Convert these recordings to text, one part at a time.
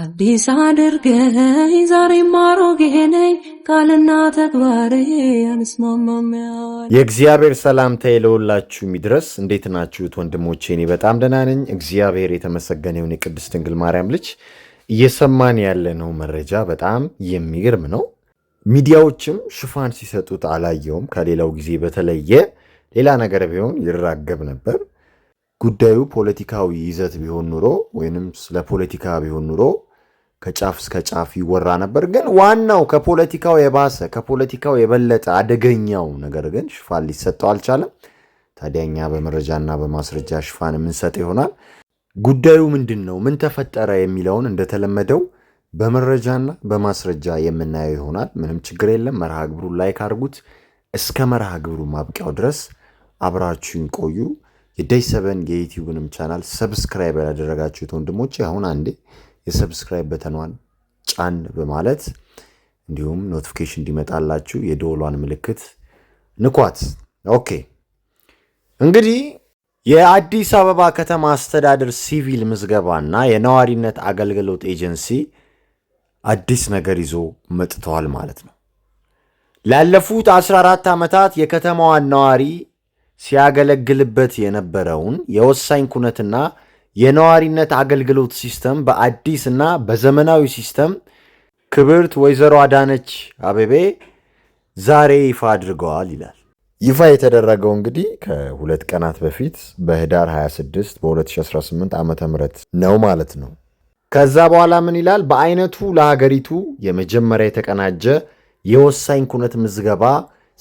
አዲስ አድርገኝ ዛሬም አሮጌ ነኝ፣ ቃልና ተግባሬ አንስማማም። የእግዚአብሔር ሰላምታ ለሁላችሁ ይድረስ። እንዴት ናችሁት ወንድሞቼ? እኔ በጣም ደህና ነኝ። እግዚአብሔር የተመሰገነ ይሁን። የቅድስት ድንግል ማርያም ልጅ እየሰማን ያለነው መረጃ በጣም የሚገርም ነው። ሚዲያዎችም ሽፋን ሲሰጡት አላየውም። ከሌላው ጊዜ በተለየ ሌላ ነገር ቢሆን ይራገብ ነበር። ጉዳዩ ፖለቲካዊ ይዘት ቢሆን ኑሮ ወይንም ስለ ፖለቲካ ቢሆን ኑሮ ከጫፍ እስከ ጫፍ ይወራ ነበር። ግን ዋናው ከፖለቲካው የባሰ ከፖለቲካው የበለጠ አደገኛው ነገር ግን ሽፋን ሊሰጠው አልቻለም። ታዲያ እኛ በመረጃና በማስረጃ ሽፋን የምንሰጥ ይሆናል። ጉዳዩ ምንድን ነው? ምን ተፈጠረ? የሚለውን እንደተለመደው በመረጃና በማስረጃ የምናየው ይሆናል። ምንም ችግር የለም። መርሃ ግብሩን ላይክ አድርጉት። እስከ መርሃ ግብሩ ማብቂያው ድረስ አብራችሁን ቆዩ። የደይ ሰበን የዩቲዩብንም ቻናል ሰብስክራይብ ያላደረጋችሁት ወንድሞች አሁን አንዴ የሰብስክራይብ በተኗን ጫን በማለት እንዲሁም ኖቲፊኬሽን እንዲመጣላችሁ የደወሏን ምልክት ንኳት። ኦኬ እንግዲህ የአዲስ አበባ ከተማ አስተዳደር ሲቪል ምዝገባና የነዋሪነት አገልግሎት ኤጀንሲ አዲስ ነገር ይዞ መጥተዋል ማለት ነው። ላለፉት 14 ዓመታት የከተማዋን ነዋሪ ሲያገለግልበት የነበረውን የወሳኝ ኩነትና የነዋሪነት አገልግሎት ሲስተም በአዲስ እና በዘመናዊ ሲስተም ክብርት ወይዘሮ አዳነች አቤቤ ዛሬ ይፋ አድርገዋል ይላል። ይፋ የተደረገው እንግዲህ ከሁለት ቀናት በፊት በህዳር 26 በ2018 ዓ ም ነው ማለት ነው። ከዛ በኋላ ምን ይላል? በአይነቱ ለሀገሪቱ የመጀመሪያ የተቀናጀ የወሳኝ ኩነት ምዝገባ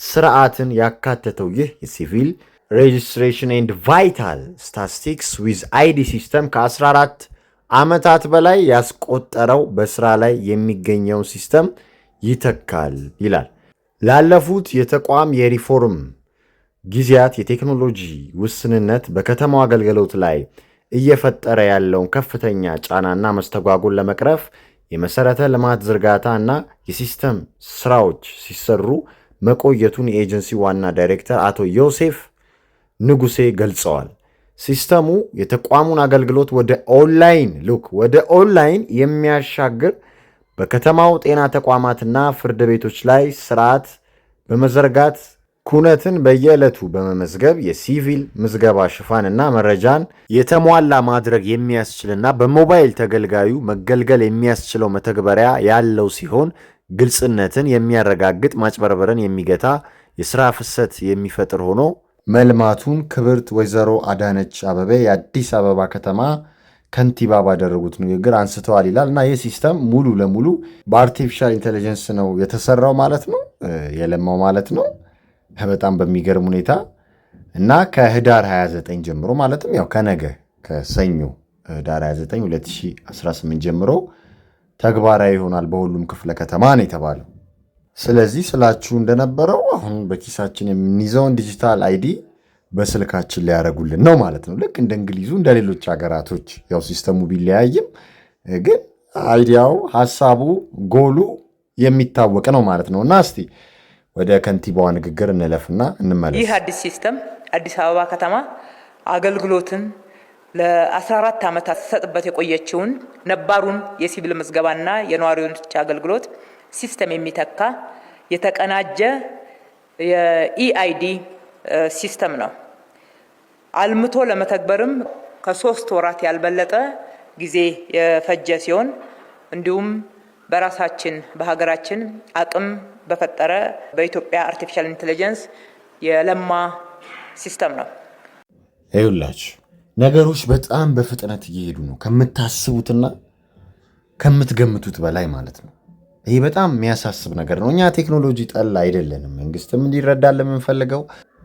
ስርዓትን ያካተተው ይህ የሲቪል ሬጅስትሬሽን ኤንድ ቫይታል ስታትስቲክስ ዊዝ አይዲ ሲስተም ከ14 ዓመታት በላይ ያስቆጠረው በስራ ላይ የሚገኘውን ሲስተም ይተካል ይላል። ላለፉት የተቋም የሪፎርም ጊዜያት የቴክኖሎጂ ውስንነት በከተማው አገልግሎት ላይ እየፈጠረ ያለውን ከፍተኛ ጫናና መስተጓጎል ለመቅረፍ የመሰረተ ልማት ዝርጋታ እና የሲስተም ስራዎች ሲሰሩ መቆየቱን የኤጀንሲ ዋና ዳይሬክተር አቶ ዮሴፍ ንጉሴ ገልጸዋል። ሲስተሙ የተቋሙን አገልግሎት ወደ ኦንላይን ሉክ ወደ ኦንላይን የሚያሻግር በከተማው ጤና ተቋማትና ፍርድ ቤቶች ላይ ስርዓት በመዘርጋት ኩነትን በየዕለቱ በመመዝገብ የሲቪል ምዝገባ ሽፋንና መረጃን የተሟላ ማድረግ የሚያስችልና በሞባይል ተገልጋዩ መገልገል የሚያስችለው መተግበሪያ ያለው ሲሆን ግልጽነትን የሚያረጋግጥ፣ ማጭበርበርን የሚገታ፣ የስራ ፍሰት የሚፈጥር ሆኖ መልማቱን ክብርት ወይዘሮ አዳነች አበቤ የአዲስ አበባ ከተማ ከንቲባ ባደረጉት ንግግር አንስተዋል ይላል እና ይህ ሲስተም ሙሉ ለሙሉ በአርቲፊሻል ኢንቴሊጀንስ ነው የተሰራው ማለት ነው የለማው ማለት ነው። በጣም በሚገርም ሁኔታ እና ከህዳር 29 ጀምሮ ማለትም ያው ከነገ ከሰኞ ህዳር 29 2018 ጀምሮ ተግባራዊ ይሆናል በሁሉም ክፍለ ከተማ ነው የተባለው። ስለዚህ ስላችሁ እንደነበረው አሁን በኪሳችን የምንይዘውን ዲጂታል አይዲ በስልካችን ሊያደርጉልን ነው ማለት ነው። ልክ እንደ እንግሊዙ እንደ ሌሎች ሀገራቶች ያው ሲስተሙ ቢለያይም ግን አይዲያው፣ ሀሳቡ፣ ጎሉ የሚታወቅ ነው ማለት ነው እና እስቲ ወደ ከንቲባዋ ንግግር እንለፍና እንመለስ። ይህ አዲስ ሲስተም አዲስ አበባ ከተማ አገልግሎትን ለ14 ዓመታት ሲሰጥበት የቆየችውን ነባሩን የሲቪል ምዝገባና የነዋሪዎች አገልግሎት ሲስተም የሚተካ የተቀናጀ የኢአይዲ ሲስተም ነው። አልምቶ ለመተግበርም ከሶስት ወራት ያልበለጠ ጊዜ የፈጀ ሲሆን እንዲሁም በራሳችን በሀገራችን አቅም በፈጠረ በኢትዮጵያ አርቲፊሻል ኢንቴሊጀንስ የለማ ሲስተም ነው። ይኸውላችሁ ነገሮች በጣም በፍጥነት እየሄዱ ነው ከምታስቡትና ከምትገምቱት በላይ ማለት ነው። ይህ በጣም የሚያሳስብ ነገር ነው። እኛ ቴክኖሎጂ ጠል አይደለንም። መንግስትም እንዲረዳልን የምንፈልገው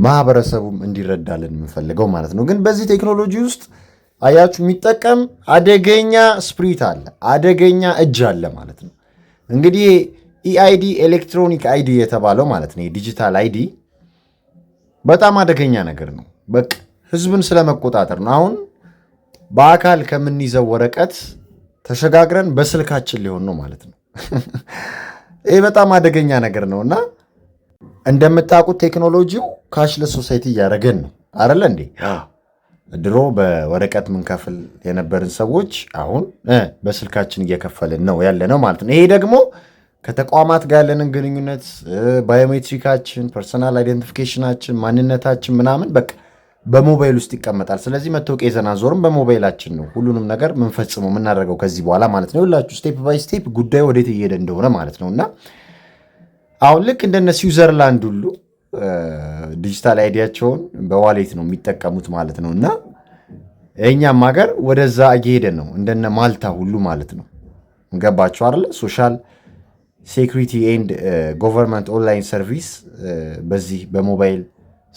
ማህበረሰቡም እንዲረዳልን የምንፈልገው ማለት ነው። ግን በዚህ ቴክኖሎጂ ውስጥ አያችሁ የሚጠቀም አደገኛ ስፕሪት አለ፣ አደገኛ እጅ አለ ማለት ነው። እንግዲህ ኢአይዲ ኤሌክትሮኒክ አይዲ የተባለው ማለት ነው የዲጂታል አይዲ በጣም አደገኛ ነገር ነው። በቃ ህዝብን ስለመቆጣጠር ነው። አሁን በአካል ከምንይዘው ወረቀት ተሸጋግረን በስልካችን ሊሆን ነው ማለት ነው። ይህ በጣም አደገኛ ነገር ነው እና እንደምታውቁት ቴክኖሎጂው ካሽለስ ሶሳይቲ እያደረገን ነው አይደለ እንዴ? ድሮ በወረቀት ምንከፍል የነበርን ሰዎች አሁን በስልካችን እየከፈልን ነው ያለ ነው ማለት ነው። ይሄ ደግሞ ከተቋማት ጋር ያለንን ግንኙነት ባዮሜትሪካችን፣ ፐርሰናል አይደንቲፊኬሽናችን፣ ማንነታችን ምናምን በቃ በሞባይል ውስጥ ይቀመጣል። ስለዚህ መታወቂያ ይዘን ዞርም በሞባይላችን ነው ሁሉንም ነገር የምንፈጽመው የምናደርገው ከዚህ በኋላ ማለት ነው። ሁላችሁ ስቴፕ ባይ ስቴፕ ጉዳዩ ወዴት እየሄደ እንደሆነ ማለት ነው እና አሁን ልክ እንደነ ስዊዘርላንድ ሁሉ ዲጂታል አይዲያቸውን በዋሌት ነው የሚጠቀሙት ማለት ነው እና የእኛም ሀገር ወደዛ እየሄደ ነው እንደነ ማልታ ሁሉ ማለት ነው። ገባችሁ አይደለ? ሶሻል ሴኩሪቲ ኤንድ ጎቨርንመንት ኦንላይን ሰርቪስ በዚህ በሞባይል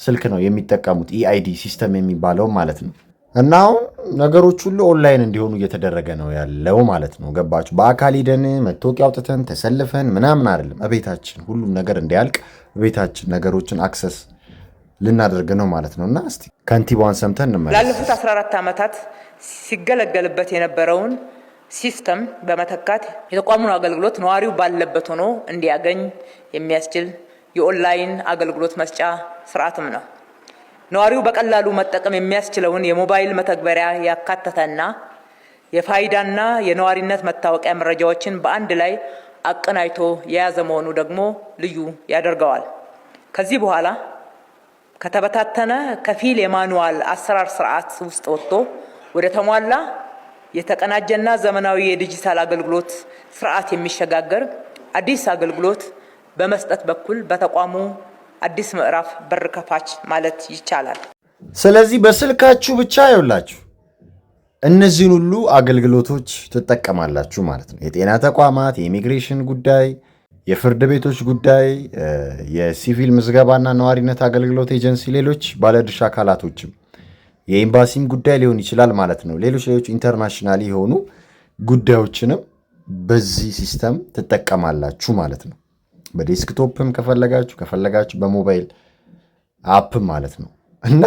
ስልክ ነው የሚጠቀሙት ኢአይዲ e ሲስተም የሚባለው ማለት ነው። እና አሁን ነገሮች ሁሉ ኦንላይን እንዲሆኑ እየተደረገ ነው ያለው ማለት ነው። ገባችሁ? በአካል ሂደን መታወቂያ አውጥተን ተሰልፈን ምናምን አይደለም። እቤታችን ሁሉም ነገር እንዲያልቅ እቤታችን ነገሮችን አክሰስ ልናደርግ ነው ማለት ነው። እና እስቲ ከንቲባዋን ሰምተን እንመለስ። ላለፉት 14 ዓመታት ሲገለገልበት የነበረውን ሲስተም በመተካት የተቋሙን አገልግሎት ነዋሪው ባለበት ሆኖ እንዲያገኝ የሚያስችል የኦንላይን አገልግሎት መስጫ ስርዓትም ነው። ነዋሪው በቀላሉ መጠቀም የሚያስችለውን የሞባይል መተግበሪያ ያካተተና የፋይዳና የነዋሪነት መታወቂያ መረጃዎችን በአንድ ላይ አቀናጅቶ የያዘ መሆኑ ደግሞ ልዩ ያደርገዋል። ከዚህ በኋላ ከተበታተነ ከፊል የማኑዋል አሰራር ስርዓት ውስጥ ወጥቶ ወደ ተሟላ የተቀናጀና ዘመናዊ የዲጂታል አገልግሎት ስርዓት የሚሸጋገር አዲስ አገልግሎት በመስጠት በኩል በተቋሙ አዲስ ምዕራፍ በር ከፋች ማለት ይቻላል። ስለዚህ በስልካችሁ ብቻ ይውላችሁ እነዚህን ሁሉ አገልግሎቶች ትጠቀማላችሁ ማለት ነው። የጤና ተቋማት፣ የኢሚግሬሽን ጉዳይ፣ የፍርድ ቤቶች ጉዳይ፣ የሲቪል ምዝገባና ነዋሪነት አገልግሎት ኤጀንሲ፣ ሌሎች ባለድርሻ አካላቶችም የኤምባሲም ጉዳይ ሊሆን ይችላል ማለት ነው። ሌሎች ሌሎች ኢንተርናሽናል የሆኑ ጉዳዮችንም በዚህ ሲስተም ትጠቀማላችሁ ማለት ነው። በዴስክቶፕም ከፈለጋችሁ ከፈለጋችሁ በሞባይል አፕ ማለት ነው። እና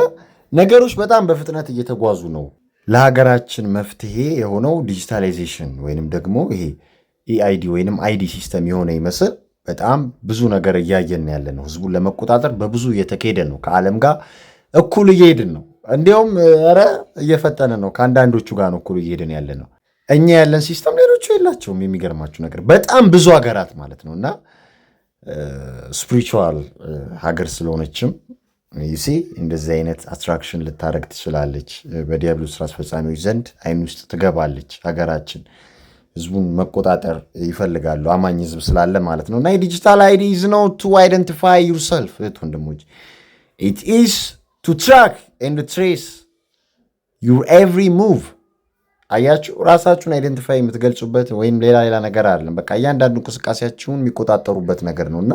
ነገሮች በጣም በፍጥነት እየተጓዙ ነው። ለሀገራችን መፍትሄ የሆነው ዲጂታላይዜሽን ወይንም ደግሞ ይሄ ኤአይዲ ወይንም አይዲ ሲስተም የሆነ ይመስል በጣም ብዙ ነገር እያየን ያለ ነው። ህዝቡን ለመቆጣጠር በብዙ እየተካሄደ ነው። ከዓለም ጋር እኩል እየሄድን ነው። እንዲያውም ኧረ እየፈጠነ ነው። ከአንዳንዶቹ ጋር ነው እኩል እየሄድን ያለ ነው። እኛ ያለን ሲስተም ሌሎቹ የላቸውም። የሚገርማችሁ ነገር በጣም ብዙ ሀገራት ማለት ነው እና ስፒሪቹዋል ሀገር ስለሆነችም ይሲ እንደዚህ አይነት አትራክሽን ልታደረግ ትችላለች። በዲያብሎ ስራ አስፈጻሚዎች ዘንድ አይን ውስጥ ትገባለች። ሀገራችን ህዝቡን መቆጣጠር ይፈልጋሉ፣ አማኝ ህዝብ ስላለ ማለት ነው። እና የዲጂታል አይዲ ኢዝ ኖት ቱ አይደንቲፋይ ዩርሰልፍ እህት ወንድሞች፣ ኢት ኢዝ ቱ ትራክ ኤንድ ትሬስ ዩር ኤቭሪ ሙቭ አያችሁ ራሳችሁን አይደንቲፋይ የምትገልጹበት ወይም ሌላ ሌላ ነገር አይደለም። በቃ እያንዳንዱ እንቅስቃሴያችሁን የሚቆጣጠሩበት ነገር ነው እና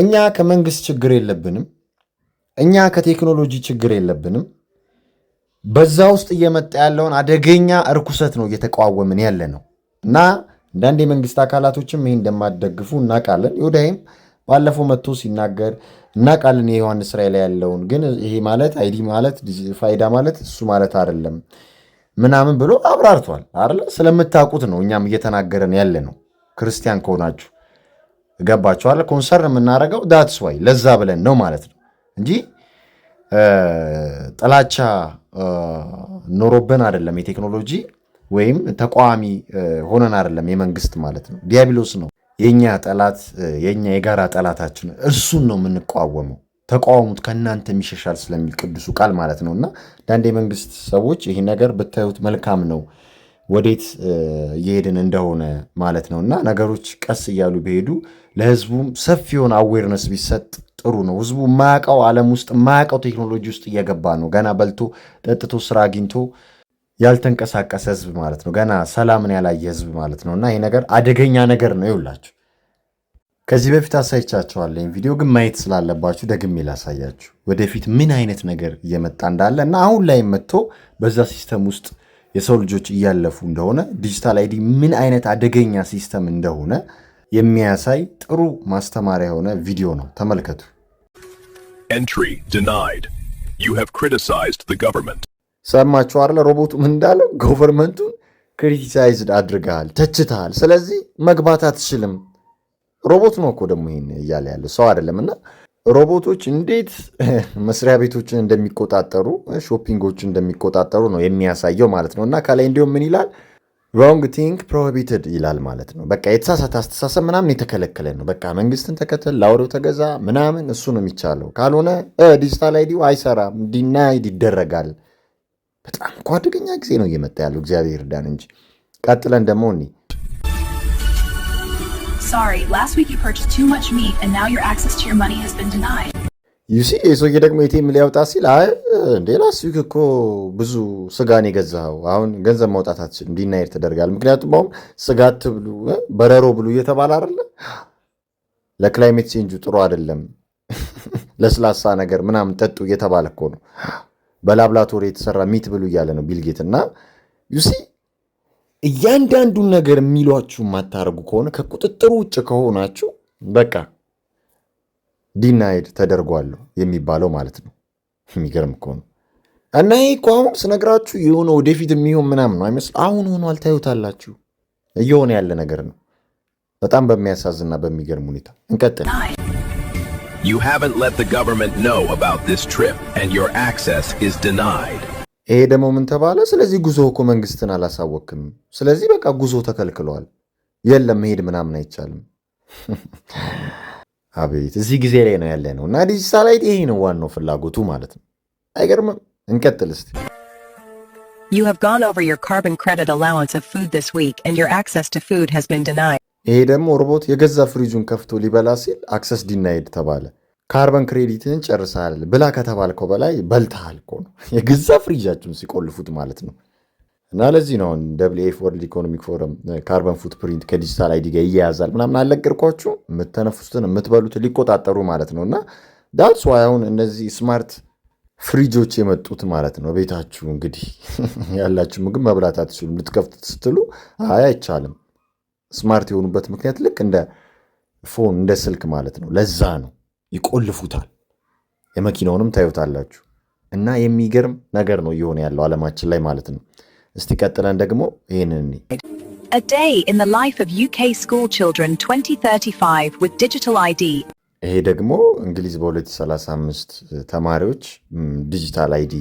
እኛ ከመንግስት ችግር የለብንም። እኛ ከቴክኖሎጂ ችግር የለብንም። በዛ ውስጥ እየመጣ ያለውን አደገኛ እርኩሰት ነው እየተቃወምን ያለ ነው እና አንዳንድ የመንግስት አካላቶችም ይህ እንደማደግፉ እናውቃለን። ዮዳይም ባለፈው መጥቶ ሲናገር እናውቃለን የዮሐንስ ራዕይ ላይ ያለውን ግን ይሄ ማለት አይዲ ማለት ፋይዳ ማለት እሱ ማለት አይደለም ምናምን ብሎ አብራርቷል አለ ስለምታውቁት ነው እኛም እየተናገረን ያለ ነው። ክርስቲያን ከሆናችሁ ገባችኋል። ኮንሰርን የምናደርገው ዳትስ ዋይ ለዛ ብለን ነው ማለት ነው እንጂ ጥላቻ ኖሮብን አይደለም። የቴክኖሎጂ ወይም ተቃዋሚ ሆነን አይደለም የመንግስት ማለት ነው። ዲያብሎስ ነው የኛ ጠላት፣ የኛ የጋራ ጠላታችን እርሱን ነው የምንቋወመው። ተቃውሙት ከእናንተ የሚሸሻል ስለሚል ቅዱሱ ቃል ማለት ነው። እና አንዳንድ የመንግስት ሰዎች ይህ ነገር ብታዩት መልካም ነው ወዴት እየሄድን እንደሆነ ማለት ነው። እና ነገሮች ቀስ እያሉ ቢሄዱ ለህዝቡም ሰፊ የሆነ አዌርነስ ቢሰጥ ጥሩ ነው። ህዝቡ ማያውቀው ዓለም ውስጥ ማያውቀው ቴክኖሎጂ ውስጥ እየገባ ነው። ገና በልቶ ጠጥቶ ስራ አግኝቶ ያልተንቀሳቀሰ ህዝብ ማለት ነው። ገና ሰላምን ያላየ ህዝብ ማለት ነው። እና ይሄ ነገር አደገኛ ነገር ነው ይውላቸው ከዚህ በፊት አሳይቻቸዋለኝ። ቪዲዮ ግን ማየት ስላለባችሁ ደግሜ ላሳያችሁ፣ ወደፊት ምን አይነት ነገር እየመጣ እንዳለ እና አሁን ላይ መጥቶ በዛ ሲስተም ውስጥ የሰው ልጆች እያለፉ እንደሆነ ዲጂታል አይዲ ምን አይነት አደገኛ ሲስተም እንደሆነ የሚያሳይ ጥሩ ማስተማሪያ የሆነ ቪዲዮ ነው። ተመልከቱ። Entry denied. You have criticized ሰማችሁ አይደለ? ሮቦቱ ምን እንዳለው፣ ክሪቲሳይዝድ አድርገሃል፣ ተችተሃል። ስለዚህ መግባት አትችልም ሮቦት ነው እኮ ደግሞ ይሄን እያለ ያለ ሰው አይደለም። እና ሮቦቶች እንዴት መስሪያ ቤቶችን እንደሚቆጣጠሩ፣ ሾፒንጎችን እንደሚቆጣጠሩ ነው የሚያሳየው ማለት ነው። እና ከላይ እንዲሁም ምን ይላል ሮንግ ቲንክ ፕሮሂቢትድ ይላል ማለት ነው። በቃ የተሳሳተ አስተሳሰብ ምናምን የተከለከለ ነው። በቃ መንግስትን ተከተል፣ ለአውሬው ተገዛ ምናምን እሱ ነው የሚቻለው። ካልሆነ ዲጂታል አይሰራ አይሰራም፣ ዲናይድ ይደረጋል። በጣም እኮ አደገኛ ጊዜ ነው እየመጣ ያለው። እግዚአብሔር ዳን እንጂ ቀጥለን ደግሞ እኔ Sorry, last week you purchased too much meat and now your access to your money has been denied. ዩሲ የሰውዬ ደግሞ ኤቲኤም ሊያወጣ ሲል አይ እንዴ ላስት ዊክ እኮ ብዙ ስጋን የገዛኸው አሁን ገንዘብ ማውጣት አትችልም፣ ዲናይር ተደርጋል። ምክንያቱም አሁን ስጋ አትብሉ፣ በረሮ ብሉ እየተባለ አይደለ? ለክላይሜት ቼንጁ ጥሩ አይደለም፣ ለስላሳ ነገር ምናምን ጠጡ እየተባለ እኮ ነው። በላብላቶሪ የተሰራ ሚት ብሉ እያለ ነው ቢልጌት እና ዩሲ እያንዳንዱን ነገር የሚሏችሁ የማታደርጉ ከሆነ ከቁጥጥሩ ውጭ ከሆናችሁ በቃ ዲናይድ ተደርጓለሁ የሚባለው ማለት ነው። የሚገርም እኮ ነው። እና ይህ እኮ አሁን ስነግራችሁ የሆነ ወደፊት የሚሆን ምናምን ነው አይመስል፣ አሁን ሆኖ አልታዩታላችሁ እየሆነ ያለ ነገር ነው። በጣም በሚያሳዝና በሚገርም ሁኔታ እንቀጥል። You haven't let the government know about this trip and your access is denied. ይሄ ደግሞ ምን ተባለ? ስለዚህ ጉዞ እኮ መንግስትን አላሳወክም፣ ስለዚህ በቃ ጉዞ ተከልክሏል። የለም መሄድ ምናምን አይቻልም። አቤት እዚህ ጊዜ ላይ ነው ያለ ነው። እና ዲጂታላይት ይሄ ነው ዋናው ፍላጎቱ ማለት ነው። አይገርምም? እንቀጥል እስቲ። You have gone over your carbon credit allowance of food this week and your access to food has been denied. ይሄ ደግሞ ሮቦት የገዛ ፍሪጁን ከፍቶ ሊበላ ሲል አክሰስ ዲናይድ ተባለ። ካርበን ክሬዲትን ጨርሳል ብላ ከተባልከው በላይ በልተሃል እኮ ነው። የገዛ ፍሪጃችሁን ሲቆልፉት ማለት ነው። እና ለዚህ ነው ደብል ኤፍ ወርልድ ኢኮኖሚክ ፎረም ካርበን ፉትፕሪንት ከዲጂታል አይዲ ጋር ይያያዛል ምናምን አልነገርኳችሁ? የምተነፍሱትን የምትበሉት ሊቆጣጠሩ ማለት ነው። እና ዳትስ ዋይ አሁን እነዚህ ስማርት ፍሪጆች የመጡት ማለት ነው። ቤታችሁ እንግዲህ ያላችሁ ምግብ መብላት አትችሉ ልትከፍቱት ስትሉ አይ አይቻልም። ስማርት የሆኑበት ምክንያት ልክ እንደ ፎን እንደ ስልክ ማለት ነው። ለዛ ነው ይቆልፉታል። የመኪናውንም ታዩታላችሁ እና የሚገርም ነገር ነው እየሆነ ያለው አለማችን ላይ ማለት ነው። እስቲ ቀጥለን ደግሞ ይህንን A day in the life of UK school children 2035 with digital ID ይሄ ደግሞ እንግሊዝ በ2035 ተማሪዎች ዲጂታል አይዲ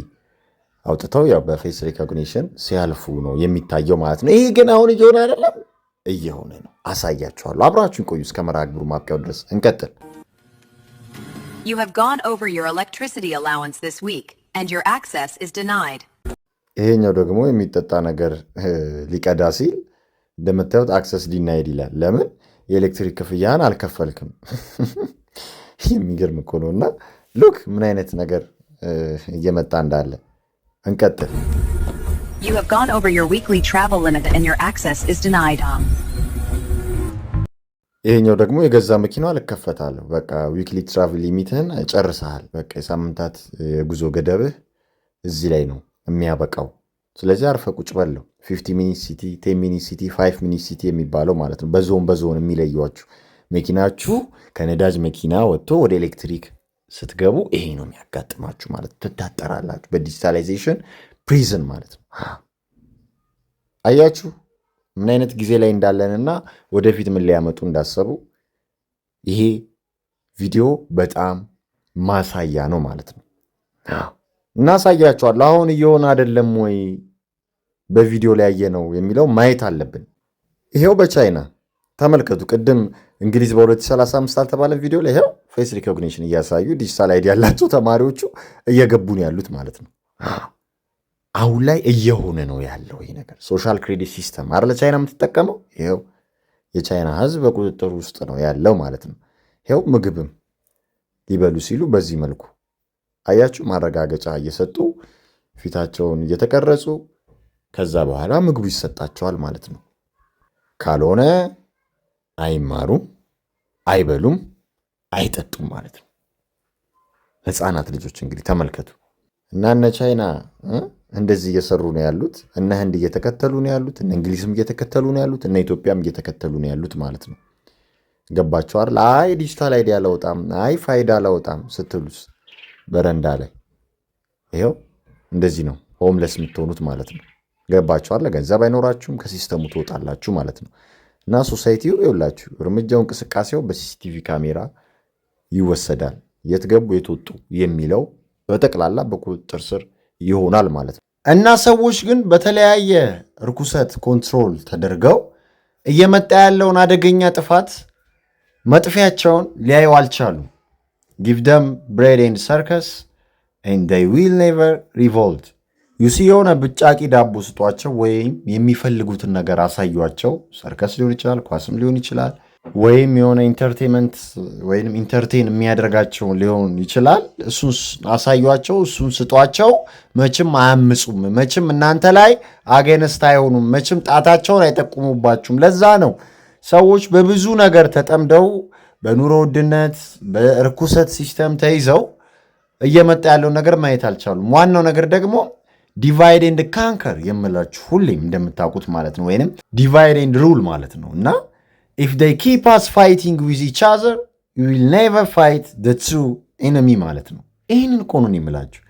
አውጥተው ያው በፌስ ሪኮግኒሽን ሲያልፉ ነው የሚታየው ማለት ነው። ይሄ ግን አሁን እየሆነ አይደለም፣ እየሆነ ነው። አሳያችኋለሁ። አብራችሁን ቆዩ። እስከ መርሃ ግብሩ ማብቂያው ድረስ እንቀጥል። You have gone over your electricity allowance this week and your access is denied. ይሄኛው ደግሞ የሚጠጣ ነገር ሊቀዳ ሲል እንደምታዩት አክሰስ ዲናይድ ይላል። ለምን የኤሌክትሪክ ክፍያህን አልከፈልክም? የሚገርም እኮ ነው። እና ሉክ ምን አይነት ነገር እየመጣ እንዳለ እንቀጥል። You have gone over your weekly travel limit and your access is denied. ይሄኛው ደግሞ የገዛ መኪናዋ እከፈታለሁ በቃ ዊክሊ ትራቭል ሊሚትህን ጨርሰሃል በቃ የሳምንታት የጉዞ ገደብህ እዚህ ላይ ነው የሚያበቃው። ስለዚህ አርፈ ቁጭ በለው ነው ፊፍቲ ሚኒት ሲቲ ቴን ሚኒት ሲቲ ፋይቭ ሚኒት ሲቲ የሚባለው ማለት ነው። በዞን በዞን የሚለዩዋችሁ መኪናችሁ ከነዳጅ መኪና ወጥቶ ወደ ኤሌክትሪክ ስትገቡ ይሄ ነው የሚያጋጥማችሁ ማለት ትታጠራላችሁ። በዲጂታላይዜሽን ፕሪዝን ማለት ነው። አያችሁ። ምን አይነት ጊዜ ላይ እንዳለንና ወደፊት ምን ሊያመጡ እንዳሰቡ ይሄ ቪዲዮ በጣም ማሳያ ነው ማለት ነው። እናሳያቸዋለሁ። አሁን እየሆነ አይደለም ወይ በቪዲዮ ላይ ያየ ነው የሚለው ማየት አለብን። ይሄው በቻይና ተመልከቱ። ቅድም እንግሊዝ በ2035 አልተባለ ቪዲዮ ላይ ይኸው ፌስ ሪኮግኒሽን እያሳዩ ዲጂታል አይዲ ያላቸው ተማሪዎቹ እየገቡ ነው ያሉት ማለት ነው። አሁን ላይ እየሆነ ነው ያለው ይህ ነገር። ሶሻል ክሬዲት ሲስተም አይደለ ቻይና የምትጠቀመው? ይኸው የቻይና ህዝብ በቁጥጥር ውስጥ ነው ያለው ማለት ነው። ይኸው ምግብም ሊበሉ ሲሉ በዚህ መልኩ አያችሁ፣ ማረጋገጫ እየሰጡ ፊታቸውን እየተቀረጹ ከዛ በኋላ ምግቡ ይሰጣቸዋል ማለት ነው። ካልሆነ አይማሩም፣ አይበሉም፣ አይጠጡም ማለት ነው። ህፃናት ልጆች እንግዲህ ተመልከቱ እና እነ ቻይና እንደዚህ እየሰሩ ነው ያሉት። እነ ህንድ እየተከተሉ ነው ያሉት። እነ እንግሊዝም እየተከተሉ ነው ያሉት። እነ ኢትዮጵያም እየተከተሉ ነው ያሉት ማለት ነው። አይደል? አይ ዲጂታል አይዲ አላወጣም፣ አይ ፋይዳ አላወጣም ስትሉስ በረንዳ ላይ ይኸው እንደዚህ ነው ሆምለስ የምትሆኑት ማለት ነው። ገባቸዋል። ገንዘብ አይኖራችሁም፣ ከሲስተሙ ትወጣላችሁ ማለት ነው። እና ሶሳይቲው ይውላችሁ እርምጃው እንቅስቃሴው በሲሲቲቪ ካሜራ ይወሰዳል። የት ገቡ የት ወጡ የሚለው በጠቅላላ በቁጥጥር ስር ይሆናል ማለት ነው እና ሰዎች ግን በተለያየ ርኩሰት ኮንትሮል ተደርገው እየመጣ ያለውን አደገኛ ጥፋት መጥፊያቸውን ሊያዩ አልቻሉ። ጊቭ ደም ብሬድ ኤንድ ሰርከስ ኤንድ ዴይ ዊል ኔቨር ሪቮልት ዩሲ የሆነ ብጫቂ ዳቦ ስጧቸው ወይም የሚፈልጉትን ነገር አሳዩቸው። ሰርከስ ሊሆን ይችላል፣ ኳስም ሊሆን ይችላል ወይም የሆነ ኢንተርቴንመንት ወይም ኢንተርቴን የሚያደርጋቸው ሊሆን ይችላል። እሱን አሳዩቸው፣ እሱን ስጧቸው። መቼም አያምፁም፣ መቼም እናንተ ላይ አገነስት አይሆኑም፣ መቼም ጣታቸውን አይጠቁሙባችሁም። ለዛ ነው ሰዎች በብዙ ነገር ተጠምደው በኑሮ ውድነት በርኩሰት ሲስተም ተይዘው እየመጣ ያለውን ነገር ማየት አልቻሉም። ዋናው ነገር ደግሞ ዲቫይድ ኤንድ ካንከር የምላችሁ ሁሌም እንደምታውቁት ማለት ነው፣ ወይም ዲቫይድ ኤንድ ሩል ማለት ነው እና if they keep us fighting with each other we will never fight the true enemy ማለት ነው። ይህንን እኮ ነው የምላችሁ።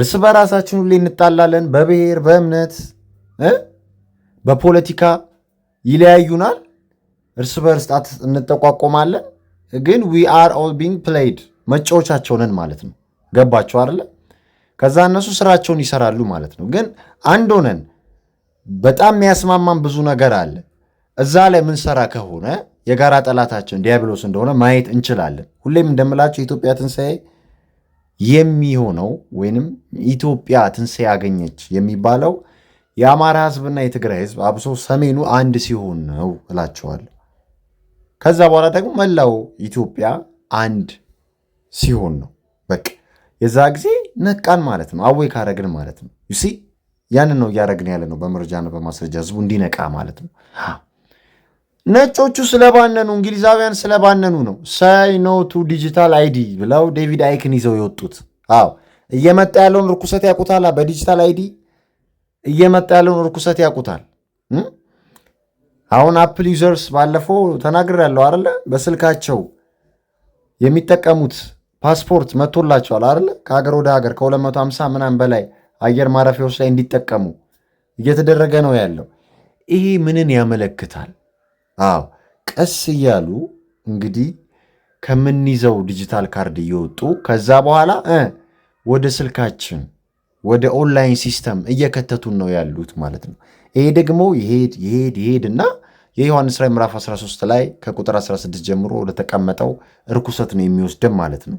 እርስ በራሳችን ሁሌ እንጣላለን። በብሔር በእምነት በፖለቲካ ይለያዩናል። እርስ በርስ እንጠቋቆማለን። ግን ዊ አር ኦል ቢንግ ፕሌይድ መጫወቻቸው ነን ማለት ነው። ገባቸው አለ። ከዛ እነሱ ስራቸውን ይሰራሉ ማለት ነው። ግን አንድ ሆነን በጣም የሚያስማማን ብዙ ነገር አለ። እዛ ላይ ምንሰራ ከሆነ የጋራ ጠላታችን ዲያብሎስ እንደሆነ ማየት እንችላለን። ሁሌም እንደምላቸው የኢትዮጵያ ትንሣኤ የሚሆነው ወይንም ኢትዮጵያ ትንሣኤ ያገኘች የሚባለው የአማራ ህዝብና የትግራይ ህዝብ አብሶ ሰሜኑ አንድ ሲሆን ነው እላቸዋለሁ። ከዛ በኋላ ደግሞ መላው ኢትዮጵያ አንድ ሲሆን ነው። በቃ የዛ ጊዜ ነቃን ማለት ነው። አወይ ካረግን ማለት ነው። ዩሲ ያንን ነው እያረግን ያለ ነው። በመረጃና በማስረጃ ህዝቡ እንዲነቃ ማለት ነው። ነጮቹ ስለባነኑ እንግሊዛውያን ስለባነኑ ነው ሳይ ኖ ቱ ዲጂታል አይዲ ብለው ዴቪድ አይክን ይዘው የወጡት። አዎ እየመጣ ያለውን ርኩሰት ያውቁታል። በዲጂታል አይዲ እየመጣ ያለውን ርኩሰት ያውቁታል። አሁን አፕል ዩዘርስ ባለፈው ያለው አለ በስልካቸው የሚጠቀሙት ፓስፖርት መቶላቸዋል አለ ከሀገር ወደ ሀገር ከ250 ምናምን በላይ አየር ማረፊያዎች ላይ እንዲጠቀሙ እየተደረገ ነው ያለው። ይሄ ምንን ያመለክታል? አዎ ቀስ እያሉ እንግዲህ ከምንይዘው ዲጂታል ካርድ እየወጡ ከዛ በኋላ ወደ ስልካችን ወደ ኦንላይን ሲስተም እየከተቱን ነው ያሉት ማለት ነው። ይሄ ደግሞ ይሄድ ይሄድ ይሄድ እና የዮሐንስ ራይ ምዕራፍ 13 ላይ ከቁጥር 16 ጀምሮ ለተቀመጠው እርኩሰት ነው የሚወስድም ማለት ነው።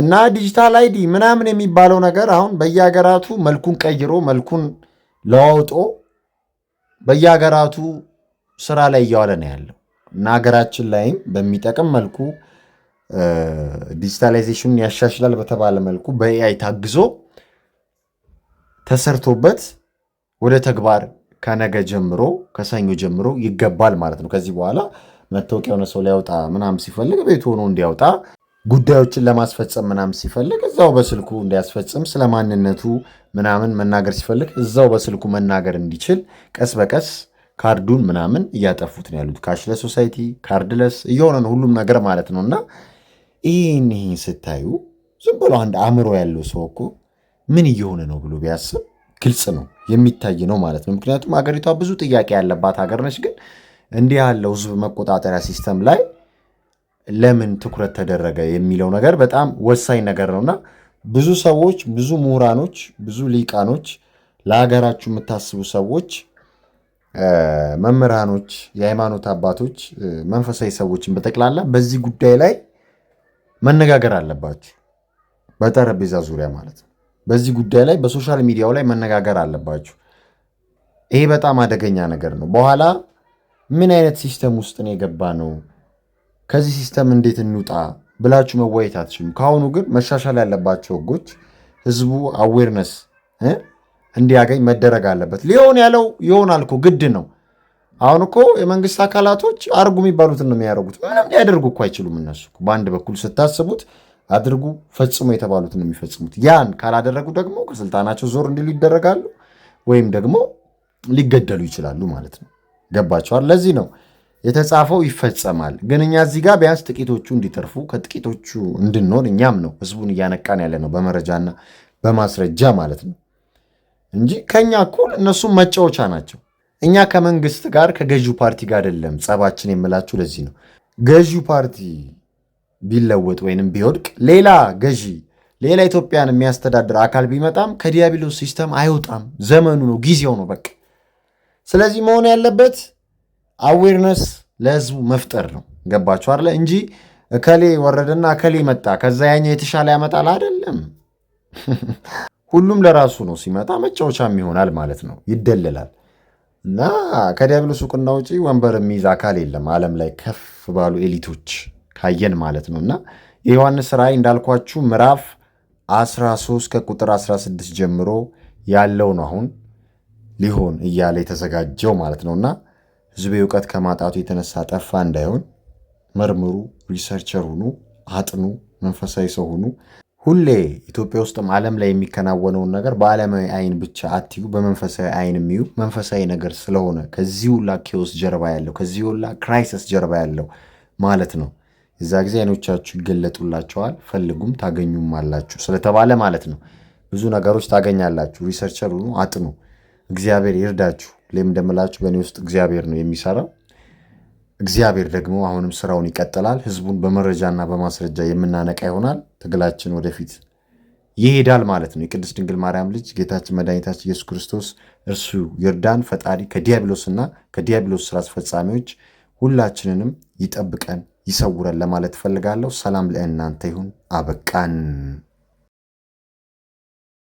እና ዲጂታል አይዲ ምናምን የሚባለው ነገር አሁን በየሀገራቱ መልኩን ቀይሮ መልኩን ለዋውጦ በየሀገራቱ ስራ ላይ እያዋለ ነው ያለው እና ሀገራችን ላይም በሚጠቅም መልኩ ዲጂታላይዜሽኑን ያሻሽላል በተባለ መልኩ በኤአይ ታግዞ ተሰርቶበት ወደ ተግባር ከነገ ጀምሮ ከሰኞ ጀምሮ ይገባል ማለት ነው። ከዚህ በኋላ መታወቂያ የሆነ ሰው ሊያወጣ ምናምን ሲፈልግ ቤት ሆኖ እንዲያወጣ፣ ጉዳዮችን ለማስፈጸም ምናምን ሲፈልግ እዛው በስልኩ እንዲያስፈጽም፣ ስለ ማንነቱ ምናምን መናገር ሲፈልግ እዛው በስልኩ መናገር እንዲችል ቀስ በቀስ ካርዱን ምናምን እያጠፉት ነው ያሉት። ካሽለስ ሶሳይቲ ካርድለስ እየሆነ ነው ሁሉም ነገር ማለት ነው። እና ይህን ስታዩ ዝም ብሎ አንድ አእምሮ ያለው ሰው እኮ ምን እየሆነ ነው ብሎ ቢያስብ ግልጽ ነው የሚታይ ነው ማለት ነው። ምክንያቱም ሀገሪቷ ብዙ ጥያቄ ያለባት ሀገር ነች። ግን እንዲህ ያለው ህዝብ መቆጣጠሪያ ሲስተም ላይ ለምን ትኩረት ተደረገ የሚለው ነገር በጣም ወሳኝ ነገር ነውና ብዙ ሰዎች፣ ብዙ ምሁራኖች፣ ብዙ ሊቃኖች ለሀገራችሁ የምታስቡ ሰዎች መምህራኖች፣ የሃይማኖት አባቶች፣ መንፈሳዊ ሰዎችን በጠቅላላ በዚህ ጉዳይ ላይ መነጋገር አለባችሁ። በጠረጴዛ ዙሪያ ማለት ነው። በዚህ ጉዳይ ላይ በሶሻል ሚዲያው ላይ መነጋገር አለባችሁ። ይሄ በጣም አደገኛ ነገር ነው። በኋላ ምን አይነት ሲስተም ውስጥ ነው የገባ ነው፣ ከዚህ ሲስተም እንዴት እንውጣ ብላችሁ መወያየት አትችሉም። ከአሁኑ ግን መሻሻል ያለባቸው ህጎች ህዝቡ አዌርነስ እንዲያገኝ መደረግ አለበት። ሊሆን ያለው ይሆናል እኮ ግድ ነው። አሁን እኮ የመንግስት አካላቶች አርጉ የሚባሉትን ነው የሚያደርጉት። ምንም ሊያደርጉ እኮ አይችሉም እነሱ። በአንድ በኩል ስታስቡት አድርጉ፣ ፈጽሙ የተባሉትን ነው የሚፈጽሙት። ያን ካላደረጉ ደግሞ ከስልጣናቸው ዞር እንዲሉ ይደረጋሉ፣ ወይም ደግሞ ሊገደሉ ይችላሉ ማለት ነው። ገባቸዋል። ለዚህ ነው የተጻፈው ይፈጸማል። ግን እኛ እዚህ ጋር ቢያንስ ጥቂቶቹ እንዲተርፉ ከጥቂቶቹ እንድንሆን እኛም ነው ህዝቡን እያነቃን ያለ ነው በመረጃና በማስረጃ ማለት ነው። እንጂ ከኛ እኩል እነሱም መጫወቻ ናቸው። እኛ ከመንግስት ጋር ከገዢው ፓርቲ ጋር አይደለም ጸባችን የምላችሁ ለዚህ ነው። ገዢው ፓርቲ ቢለወጥ ወይንም ቢወድቅ ሌላ ገዢ ሌላ ኢትዮጵያን የሚያስተዳድር አካል ቢመጣም ከዲያብሎስ ሲስተም አይወጣም። ዘመኑ ነው፣ ጊዜው ነው በቃ። ስለዚህ መሆን ያለበት አዌርነስ ለህዝቡ መፍጠር ነው። ገባችሁ አለ እንጂ እከሌ ወረደና እከሌ መጣ ከዛ ያኛው የተሻለ ያመጣል አይደለም። ሁሉም ለራሱ ነው ሲመጣ መጫወቻም ይሆናል ማለት ነው። ይደለላል እና ከዲያብሎ ሱቅና ውጪ ወንበር የሚይዝ አካል የለም ዓለም ላይ ከፍ ባሉ ኤሊቶች ካየን ማለት ነው እና የዮሐንስ ራእይ እንዳልኳችሁ ምዕራፍ 13 ከቁጥር 16 ጀምሮ ያለው ነው አሁን ሊሆን እያለ የተዘጋጀው ማለት እና ህዝቤ እውቀት ከማጣቱ የተነሳ ጠፋ እንዳይሆን መርምሩ፣ ሪሰርቸር ሁኑ፣ አጥኑ፣ መንፈሳዊ ሰው ሁኑ። ሁሌ ኢትዮጵያ ውስጥም ዓለም ላይ የሚከናወነውን ነገር በዓለማዊ አይን ብቻ አትዩ፣ በመንፈሳዊ አይን የሚዩ መንፈሳዊ ነገር ስለሆነ ከዚህ ሁላ ኬዎስ ጀርባ ያለው ከዚህ ሁላ ክራይሰስ ጀርባ ያለው ማለት ነው። እዛ ጊዜ አይኖቻችሁ ይገለጡላቸዋል፣ ፈልጉም ታገኙም አላችሁ ስለተባለ ማለት ነው። ብዙ ነገሮች ታገኛላችሁ። ሪሰርቸር ሁኑ፣ አጥኑ። እግዚአብሔር ይርዳችሁ። ሌም እንደምላችሁ በእኔ ውስጥ እግዚአብሔር ነው የሚሰራው። እግዚአብሔር ደግሞ አሁንም ስራውን ይቀጥላል። ህዝቡን በመረጃና በማስረጃ የምናነቃ ይሆናል። ትግላችን ወደፊት ይሄዳል ማለት ነው። የቅድስት ድንግል ማርያም ልጅ ጌታችን መድኃኒታችን ኢየሱስ ክርስቶስ እርሱ ይርዳን። ፈጣሪ ከዲያብሎስና ከዲያብሎስ ስራ አስፈጻሚዎች ሁላችንንም ይጠብቀን፣ ይሰውረን ለማለት እፈልጋለሁ። ሰላም ለእናንተ ይሁን። አበቃን።